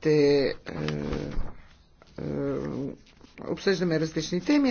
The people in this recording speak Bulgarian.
ще е, е, обсъждаме различни теми.